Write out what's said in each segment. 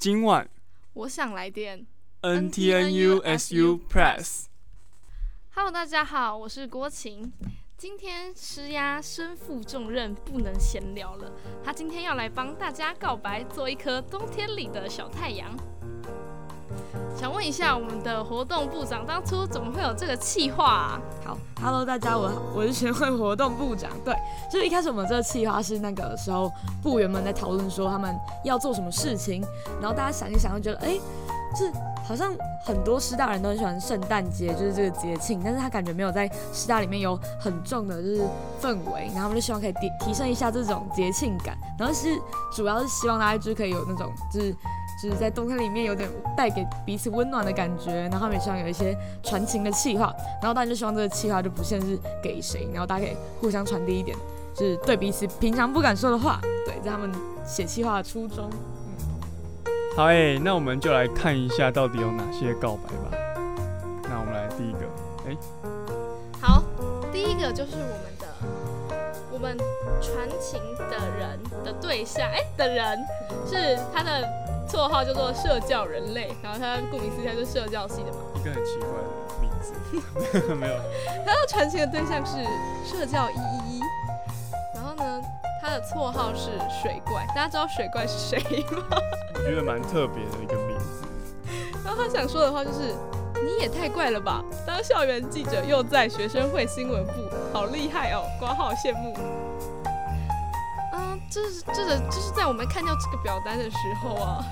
今晚，我想來電。N T N U S U Press。h 嘍， Hello, 大家好，我是郭琴。今天獅鴨身負重任，不能閒聊了。他今天要來幫大家告白，做一顆冬天裡的小太陽。想問一下我們的活動部長，當初怎麼會有這個企劃、啊？好，Hello，大家，我我是學會活動部長。對，就是一開始我們這個企劃是那個時候部員們在討論說他們要做什麼事情，然後大家想一想，就覺得哎，這、欸就是、好像很多師大人都很喜歡聖誕節，就是這個節慶，但是他感覺沒有在師大裡面有很重的就是氛圍，然後我們就希望可以提提升一下這種節慶感，然後是主要是希望大家就可以有那種就是。就是在冬天裡面有點帶給彼此溫暖的感覺，然後他們也希望有一些傳情的企劃，然後大家就希望這個企劃就不限是給誰，然後大家可以互相傳遞一點，就是對彼此平常不敢說的話，對，在他們寫企劃的初衷。嗯、好誒、欸，那我們就來看一下到底有哪些告白吧。那我們來第一個，哎、欸，好，第一個就是我們的我們傳情的人的對象，哎、欸，的人是他的。綽號叫做社教人類，然後他顧名思義就是社教系的嘛。一個很奇怪的名字， 沒有。他要傳情的對象是社教依依。然後呢，他的綽號是水怪，大家知道水怪是誰嗎？我覺得蠻特別的一個名字。 然後他想說的話就是：你也太怪了吧！當校園記者又在學生會新聞部，好厲害哦，括號羨慕。啊、這是這個就是在我們看到這個表單的時候啊，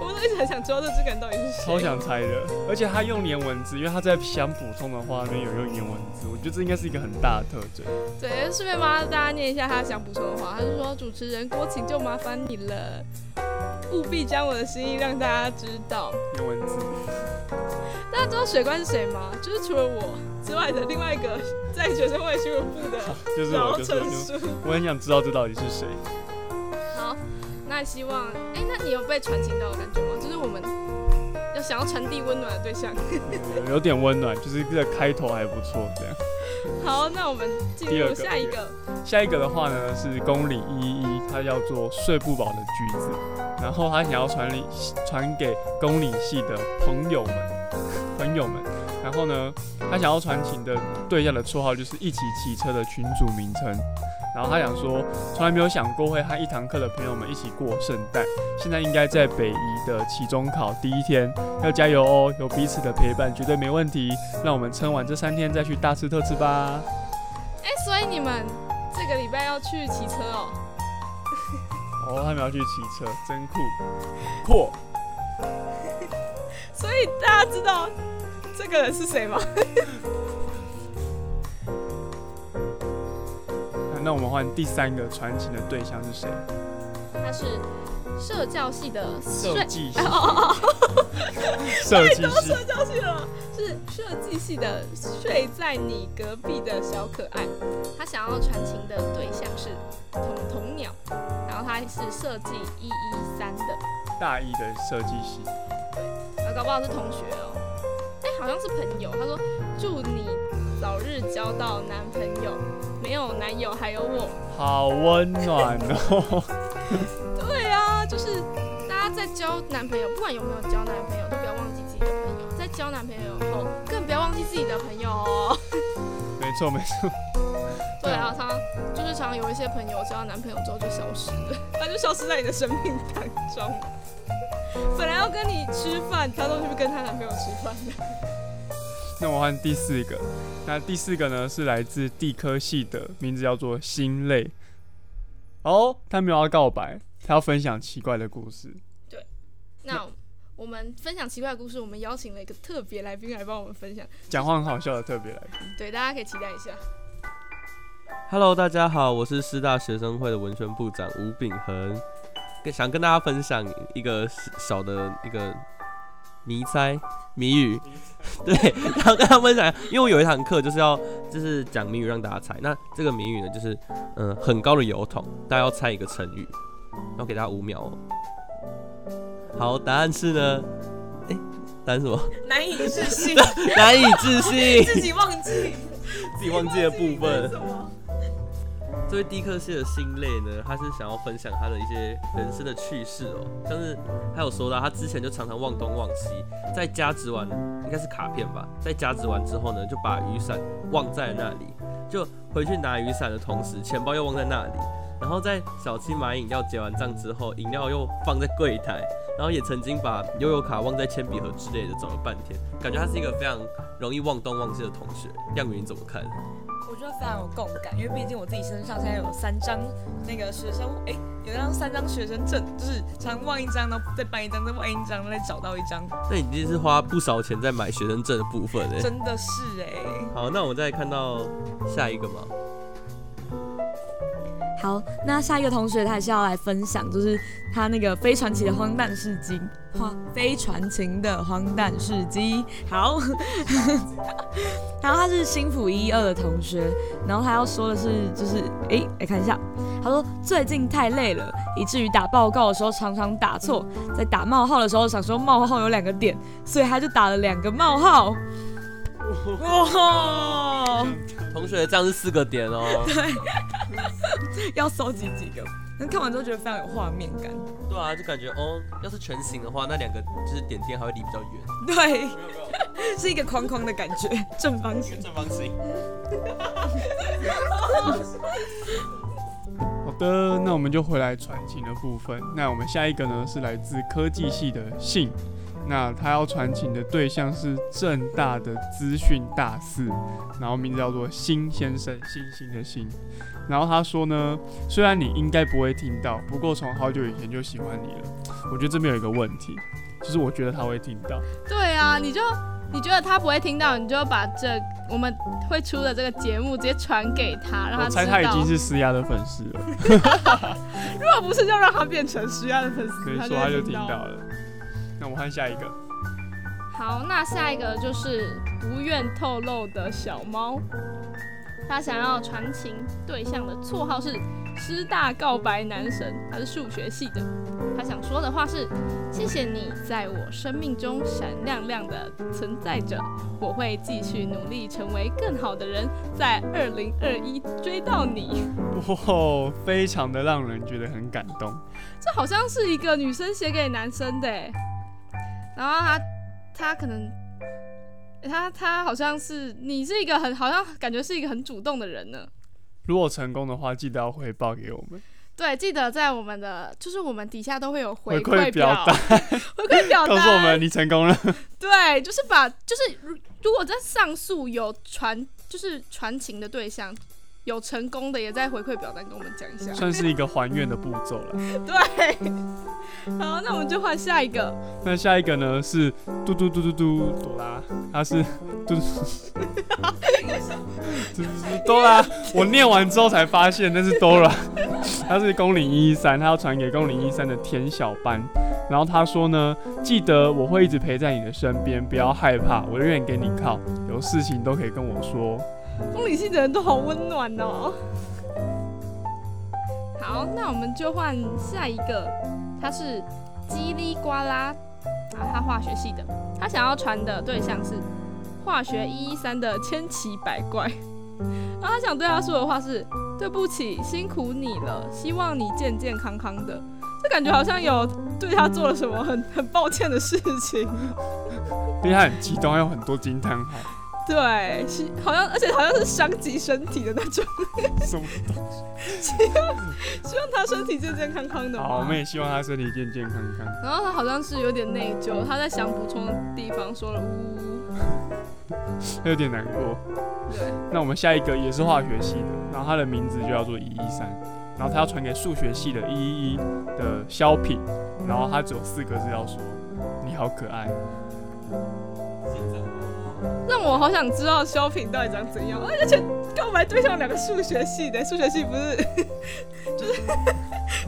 我們都一直很想知道這質感到底是誰，超想猜的。而且他用黏文字，因為他在想補充的話那邊有用黏文字，我覺得這應該是一個很大的特徵。對，順便幫大家念一下他想補充的話，他是說主持人郭琴，就麻煩你了，務必將我的心意讓大家知道。黏文字。啊、知道水怪是誰嗎？就是除了我之外的另外一個在學生會新聞部的老陳叔、就是就是就是。我很想知道這到底是誰。好，那希望哎、欸，那你有被傳情到的感覺嗎？就是我們要想要傳遞溫暖的對象，對對對，有點溫暖，就是這個開頭還不錯這樣。好，那我們進入下一個。嗯、下一個的話呢是宮里一一，他要做睡不飽的橘子，然後他想要傳遞傳給宮里系的朋友們。朋友們，然後呢，他想要傳情的對象的綽號就是一起騎車的群組名稱，然後他想說，從來沒有想過會和一堂課的朋友們一起過聖誕，現在應該在北宜的期中考第一天，要加油哦，有彼此的陪伴絕對沒問題，讓我們撐完這三天再去大吃特吃吧。哎、欸，所以你們這個禮拜要去騎車哦？哦，他們要去騎車，真酷，酷。所以大家知道這個人是誰嗎？ 啊？那我們換第三個傳情的對象是誰？他是社教系的設計系。設計、哦哦、師社教 系了，是設計系的睡在你隔壁的小可愛。他想要傳情的對象是童童鳥，然後他是設計一一三的大一的設計系。搞不好是同學喔，欸，好像是朋友。他說祝你早日交到男朋友，沒有男友還有我。好溫暖喔。 對啊，就是大家在交男朋友，不管有沒有交男朋友，都不要忘記自己的朋友。在交男朋友後，更不要忘記自己的朋友喔。沒錯沒錯，對啊，她就是常有一些朋友交男朋友之後就消失了， 他就消失在你的生命當中。 本來要跟你吃飯，她都去跟她男朋友吃飯了。那我換第四個，那第四個呢是來自地科系的名字叫做心累。哦，她沒有要告白，她要分享奇怪的故事。對，那。我們分享奇怪的故事，我們邀請了一個特別來賓來幫我們分享，講話很好笑的特別來賓。對，大家可以期待一下。Hello，大家好，我是師大學生會的文宣部長吳秉恆，想跟大家分享一個小的一個謎猜謎語，對，然後跟大家分享，因為我有一堂課就是要就是講謎語讓大家猜，那這個謎語呢就是嗯、呃、很高的油桶，大家要猜一個成語，然後給大家五秒哦、喔。好，答案是呢，誒、欸，答案什麼？難以置信， 難以置信， 自己忘記， 自己忘記,自己忘記的部分。這位低克星的心累呢，他是想要分享他的一些人生的趣事哦、喔，像是他有說到，他之前就常常忘東忘西，在加值完，應該是卡片吧，在加值完之後呢，就把雨傘忘在那裡，就回去拿雨傘的同時，錢包又忘在那裡。然後在小七買飲料結完賬之後飲料又放在櫃檯，然後也曾經把悠遊卡忘在鉛筆盒之類的，找了半天，感覺他是一個非常容易忘東忘西的同學。亮雲、嗯、怎麼看？我覺得非常有共感，因為畢竟我自己身上現在有三張那個學生，哎、欸，有張三張學生證，就是常忘一張，然後再辦一張，再忘一張，然後再找一張，然後再找到一張。那已經是花不少錢在買學生證的部分哎、欸，真的是哎、欸。好，那我們再來看到下一個嘛。嗯好，那下一個同學他還是要來分享，就是他那個非傳奇的荒誕事跡，荒非傳奇的荒誕事跡。好， 然後他是新輔一二的同學，然後他要說的是，就是哎，來、欸欸、看一下，他說最近太累了，以至於打報告的時候常常打錯，嗯、在打冒號的時候想說冒號有兩個點，所以他就打了兩個冒號。哦、哇、哦，同學這樣是四個點哦。對。 要收集幾個？但看完之後覺得非常有畫面感。對啊，就感覺哦，要是全形的話，那兩個就是點點還會離比較遠。對， 是一個框框的感覺， 正方形。正方形。 好好笑。好的，那我們就回來傳情的部分。那我們下一個呢，是來自科技系的信。那他要傳情的對象是政大的資訊大四，然後名字叫做新先生，新新的新。然後他說呢，雖然你應該不會聽到，不過從好久以前就喜歡你了。我覺得這邊有一個問題，就是我覺得他會聽到。對啊，你就你覺得他不會聽到，嗯、你就把這我們會出的這個節目直接傳給他，讓他猜他已經是獅鴨的粉絲了。 如果不是，就讓他變成獅鴨的粉絲，可以說他說他就聽到了。那我換下一個。好，那下一個就是不願透露的小貓，他想要傳情對象的綽號是師大告白男神，他是數學系的。他想說的話是：“謝謝你在我生命中閃亮亮的存在着，我會繼續努力成為更好的人，在二零二一追到你。”哇，非常的讓人覺得很感動。這好像是一個女生寫給男生的欸。然後他，他可能，他他好像是你是一個很好像感覺是一個很主動的人呢。如果成功的話，記得要回報給我們。對，記得在我們的就是我們底下都會有回饋表，回饋表，回饋表告訴我們你成功了。對，就是把就是如如果在上述有傳就是傳情的對象。有成功的也在回饋表單跟我們講一下，算是一個還願的步驟了。對，好，那我們就換下一個。那下一個呢，是嘟嘟嘟嘟嘟朵拉，他是嘟，嘟嘟嘟嘟嘟嘟嘟嘟朵拉，我念完之後才發現那是朵拉。他是公零一三，他要傳給公零一三的天小班，然後他說呢，記得我會一直陪在你的身邊，不要害怕，我永遠給你靠，有事情都可以跟我說。物理系的人都好溫暖哦。好，那我們就換下一個，他是嘰里呱啦，啊，他化學系的，他想要傳的對象是化學一一三的千奇百怪，然後他想對他說的話是對不起，辛苦你了，希望你健健康康的。這感覺好像有對他做了什麼很很抱歉的事情。因為他很激動， 還有很多驚嘆號。對，好像，而且好像是傷及身體的那種。 希望希望他身體健健康康的。好，我們也希望他身體健健康康。然後他好像是有點內疚，他在想補充的地方說了嗚嗚，他 有點難過。對， 那我們下一個也是化學系的， 然後他的名字就叫做一一三，然後他要傳給數學系的一一一的肖品，然後他只有四個字要說，你好可愛。讓我好想知道小品到底長怎樣，而且告白對象兩個數學系的，數學系不是就是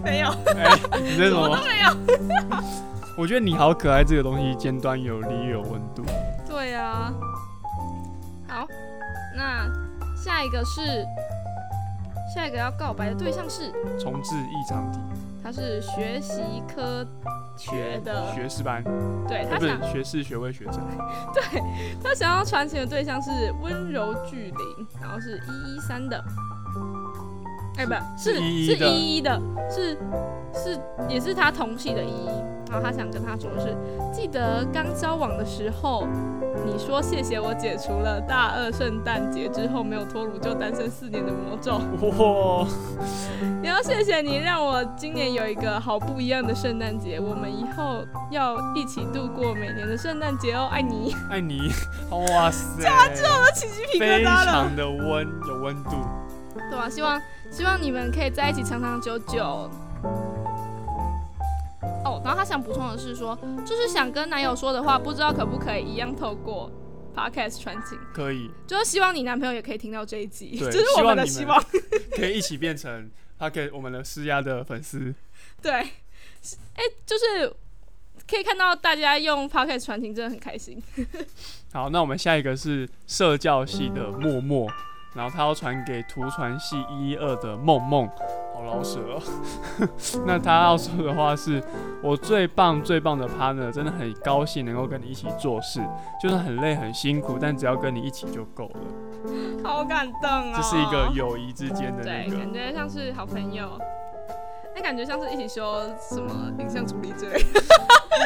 沒有，哎、欸，你為什麼沒有？我覺得你好可愛，這個東西尖端有有溫、欸、尖端有理有溫度。對呀、啊，好，那下一個是，下一個要告白的對象是，重置異常題他是學習科學的學，學士班，對他想是學士學位學生， 對他想要傳情的對象是溫柔巨靈，然後是，是，是，是一一三的，哎不是，是是一一的，是是也是他同系的一一。然後他想跟他說的是，記得剛交往的時候，你說謝謝我解除了大二聖誕節之後沒有脫魯就單身四年的魔咒。哇、哦，也要謝謝你讓我今年有一個好不一樣的聖誕節。我們以後要一起度過每年的聖誕節哦，愛你，愛你。哇塞，講完之後我起雞皮疙瘩了，非常的溫有溫度。對啊，希望希望你們可以在一起長長久久。然後她想補充的是說，就是想跟男友說的話，不知道可不可以一樣透過 podcast 傳情。可以，就是希望你男朋友也可以聽到這一集，這對是我們的希望，希望可以一起變成 podcast 我們的獅鴨的粉絲。對，哎、欸，就是可以看到大家用 podcast 傳情真的很開心。好，那我們下一個是社教系的默默，嗯、然後他要傳給圖傳系一一二的夢夢。好老實哦，那他要說的話是我最棒最棒的 partner，真的很高興能夠跟你一起做事，就算很累很辛苦，但只要跟你一起就夠了。好感動啊、哦！這是一個友誼之間的、那個，對，感覺像是好朋友。那、欸、感覺像是一起修什麼影像處理之類，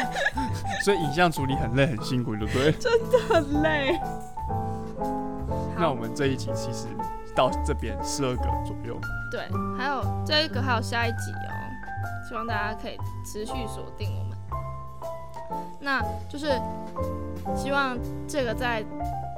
所以影像處理很累很辛苦對，對不對？真的很累。好那我們這一集其實。到這邊十二個左右。對，還有這一個，還有下一集哦、喔，希望大家可以持續鎖定我們。那就是希望這個在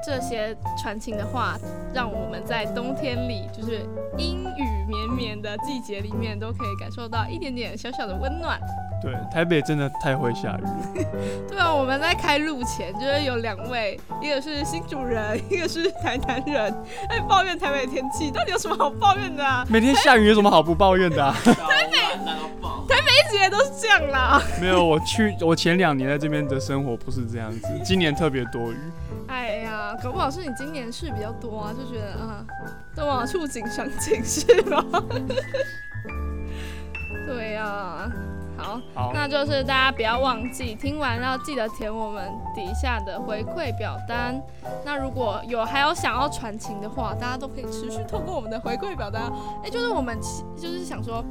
這些傳情的話，讓我們在冬天裡，就是陰雨綿綿的季節裡面，都可以感受到一點點小小的溫暖。對，台北真的太會下雨了。 對啊，我們在開錄前就是有兩位，一個是新主人，一個是台南人，哎，抱怨台北天氣，到底有什麼好抱怨的、啊？每天下雨有什麼好不抱怨的？台北，台北一直都是這樣啦。 沒有，我去我前兩年在這邊的生活不是這樣子，今年特別多雨。哎呀，搞不好是你今年事比較多，啊，就覺得啊、嗯，都往觸景傷情是嗎？ 對呀、啊。好，好，那就是大家不要忘記，聽完要記得填我們底下的回饋表單。那如果有還有想要傳情的話，大家都可以持續通過我們的回饋表單。哎、欸，就是我們其就是想說，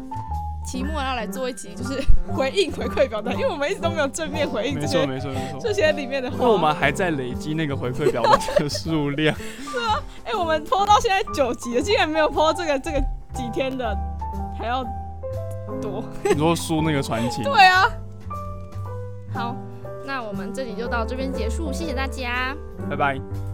期末要來做一集就是回應回饋表單，因為我們一直都沒有正面回應這些沒。沒錯沒錯沒錯。這些裡面的話，那我們還在累積那個回饋表單的數量。 是嗎，哎、欸，我們播到現在九集了，竟然沒有播這個這個幾天的，還要。多你說輸那個傳奇 對啊，好，那我們這裡就到這邊結束，謝謝大家，拜拜。